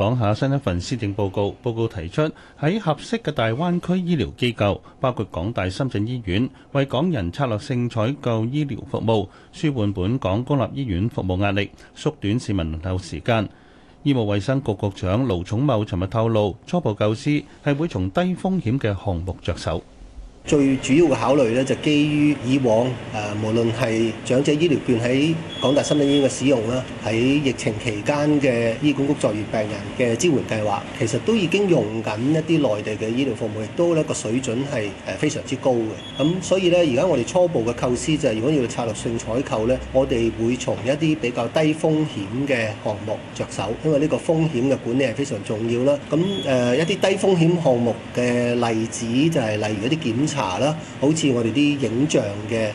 講下新一份施政報告，報告提出喺合適嘅大灣區醫療機構，包括港大深圳醫院，為港人策略性採購醫療服務，舒緩本港公立醫院服務壓力，縮短市民輪候時間。醫務衛生局局長盧寵茂尋日透露，初步構思係會從低風險嘅項目着手。最主要嘅考慮咧，就基於以往誒、呃、無論係長者醫療券喺港大深圳醫院嘅使用啦，喺疫情期間嘅醫管局在院病人嘅支援計劃，其實都已經用緊一啲內地嘅醫療服務，亦都咧個水準係誒非常之高嘅。咁所以咧，而家我哋初步嘅構思就係、是、如果要策略性採購咧，我哋會從一啲比較低風險嘅項目着手，因為呢個風險嘅管理係非常重要啦。咁誒一啲低風險項目嘅例子就係例如一啲檢查啦，好似我哋啲影像嘅，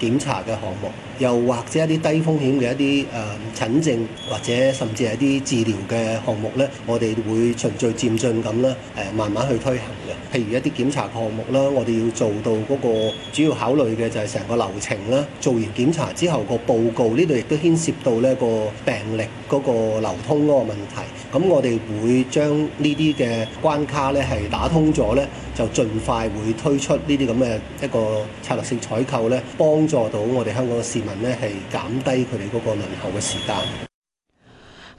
誒檢查嘅項目，又或者一啲低風險嘅一啲誒、嗯、診症，或者甚至係一啲治療嘅項目呢，我哋會循序漸進咁啦，誒慢慢去推行嘅。譬如一啲檢查項目啦，我哋要做到嗰個主要考慮嘅就係成個流程啦。做完檢查之後個報告呢度亦都牽涉到呢個病歷嗰個流通嗰個問題。咁我哋會將呢啲嘅關卡呢係打通咗，呢就盡快會推出呢啲咁嘅一個策略性採購呢。幫助到我哋香港嘅市民呢係減低佢哋嗰個輪候嘅時間。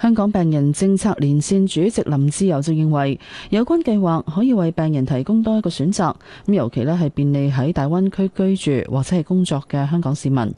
香港病人政策連線主席林志釉就認為，有關計劃可以為病人提供多一個選擇，咁尤其咧係便利喺大灣區居住或者係工作嘅香港市民。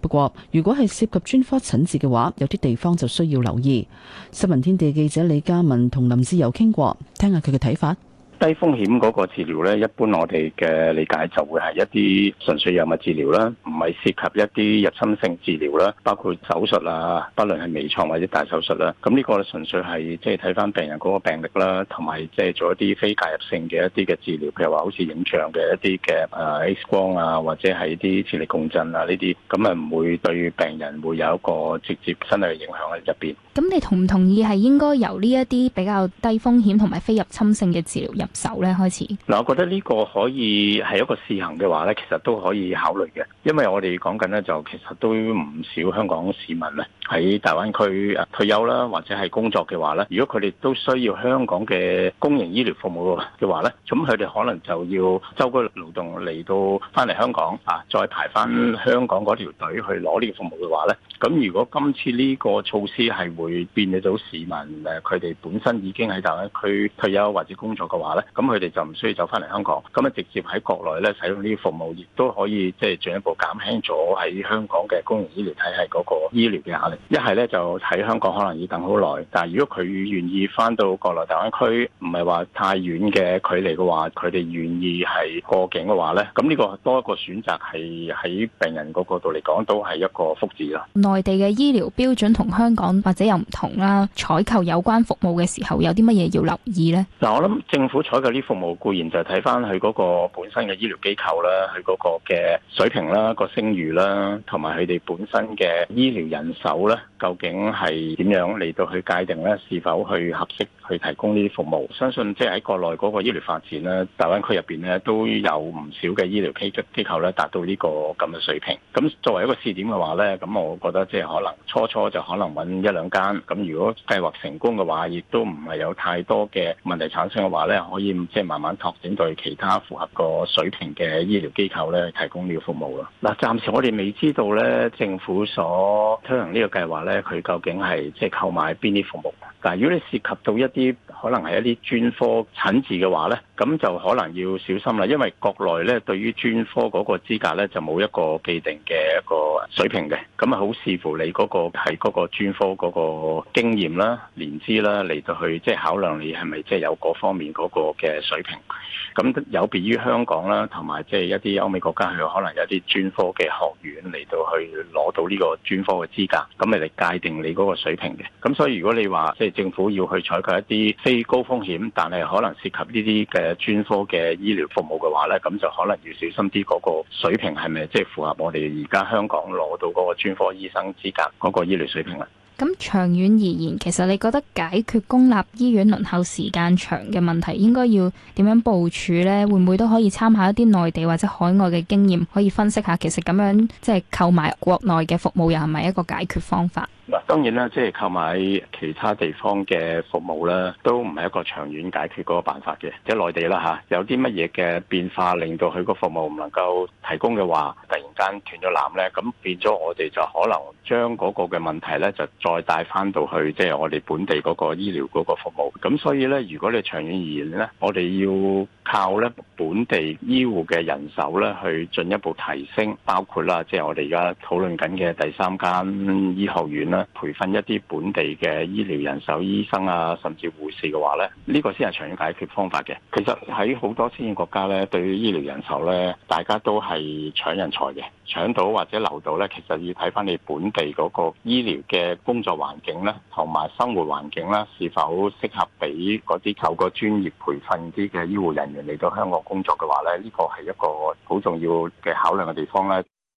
不過，如果係涉及專科診治嘅話，有啲地方就需要留意。新聞天地記者李嘉文同林志釉傾過，聽下佢嘅睇法。低風險嗰個治療咧，一般我哋嘅理解就會係一啲純粹藥物治療啦，唔係涉及一啲入侵性治療啦，包括手術啊，不論係微創或者大手術啦。咁呢個純粹係即係睇返病人嗰個病歷啦，同埋即係做一啲非介入性嘅一啲嘅治療，譬如話好似影像嘅一啲嘅誒 X 光啊，或者係啲磁力共振啊呢啲，咁啊唔會對病人會有一個直接身體嘅影響喺入邊。咁你同唔同意係應該由呢一啲比較低風險同埋非入侵性嘅治療入？手咧開始嗱，我覺得呢個可以係一個試行嘅話咧，其實都可以考慮嘅。因為我哋講緊咧，就其實都唔少香港市民咧喺大灣區退休啦，或者係工作嘅話咧，如果佢哋都需要香港嘅公營醫療服務嘅話咧，咁佢哋可能就要舟車勞頓嚟到翻嚟香港啊，再排翻香港嗰條隊去攞呢個服務嘅話咧，咁如果今次呢個措施係會便利到市民，佢哋本身已經喺大灣區退休或者工作嘅話咧。咁佢哋就唔需要走翻嚟香港，咁啊直接喺國內咧使用呢啲服務，亦都可以即係進一步減輕咗喺香港嘅公營醫療體系嗰個醫療嘅壓力。一係咧就喺香港可能要等好耐，但係如果佢願意翻到國內大灣區，唔係話太遠嘅距離嘅話，佢哋願意係過境嘅話咧，咁呢個多一個選擇係喺病人嗰個角度嚟講，都係一個福祉囉。內地嘅醫療標準同香港或者又唔同啦，啊。採購有關服務嘅時候，有啲乜嘢要留意咧？嗱，我諗政府。所以呢啲服務固然就睇翻佢嗰個本身嘅醫療機構啦，佢嗰個嘅水平啦、個聲譽啦，同埋佢哋本身嘅醫療人手咧，究竟係點樣嚟到去界定咧？是否去合適去提供呢啲服務？相信即係喺國內嗰個醫療發展咧，大灣區入面咧都有唔少嘅醫療機構呢咧，達到呢個咁嘅水平。咁作為一個試點嘅話咧，咁我覺得即係可能初初就可能揾一兩間。咁如果計劃成功嘅話，亦都唔係有太多嘅問題產生嘅話咧。可以即係慢慢拓展對其他符合個水平嘅醫療機構咧提供呢個服務咯。嗱、啊，暫時我哋未知道咧政府所推行個呢個計劃咧，佢究竟係即係購買邊啲服務。嗱，如果你涉及到一啲可能係一啲專科診治嘅話咧，咁就可能要小心啦，因為國內咧對於專科嗰個資格咧就冇一個既定嘅一個水平嘅，咁啊好視乎你嗰、嗰個係嗰個專科嗰個經驗啦、年資啦嚟到去即係、就是、考量你係咪即係有嗰方面嗰、嗰個。嘅水平，咁有別於香港啦，同埋即係一啲歐美國家，佢可能有啲專科嘅學院嚟到去攞到呢個專科嘅資格，咁你嚟界定你嗰個水平嘅。咁所以如果你話即係政府要去採購一啲非高風險，但係可能涉及呢啲嘅專科嘅醫療服務嘅話咧，咁就可能要小心啲嗰個水平係咪即係符合我哋而家香港攞到嗰個專科醫生資格嗰個醫療水平啊？咁長遠而言，其實你覺得解決公立醫院輪候時間長嘅問題，應該要點樣部署呢？會唔會都可以參考一啲內地或者海外嘅經驗，可以分析下其實咁樣即係購買國內嘅服務又係咪一個解決方法？嗱，當然啦，即係購買其他地方嘅服務咧，都唔係一個長遠解決嗰個辦法嘅。即係內地啦嚇，有啲乜嘢嘅變化令到佢個服務唔能夠提供嘅話，突然間斷咗纜咧，咁變咗我哋就可能將嗰個嘅問題咧，就再帶翻到去即係、就是、我哋本地嗰個醫療嗰個服務。咁所以咧，如果你長遠而言咧，我哋要靠咧本地醫護嘅人手咧去進一步提升，包括啦，即、就、係、是、我哋而家討論緊嘅第三間醫學院啦。培訓一啲本地嘅醫療人手、醫生啊，甚至護士嘅話咧，呢個先係長遠解決方法嘅。其實喺好多先進國家咧，對於醫療人手咧，大家都係搶人才嘅，搶到或者留到咧，其實要睇翻你本地嗰個醫療嘅工作環境咧，同埋生活環境啦，是否適合俾嗰啲透過專業培訓啲嘅醫護人員嚟到香港工作嘅話咧，呢個係一個好重要嘅考量嘅地方咧。